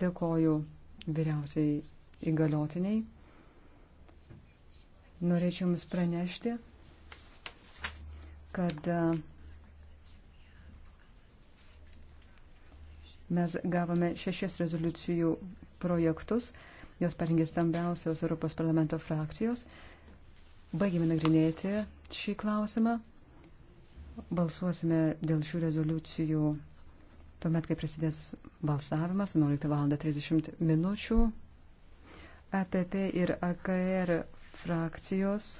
Dėkoju vyriausiai įgaliotiniai. Norėčiau Jums pranešti, kad e, mes gavome šešias rezoliucijų projektus, jos parengė stambiausios Europos parlamento frakcijos. Baigėme nagrinėti šį klausimą. Balsuosime dėl šių rezoliucijų Tuomet, kai prasidės balsavimas, 11.30 minučių, EPP ir AKR frakcijos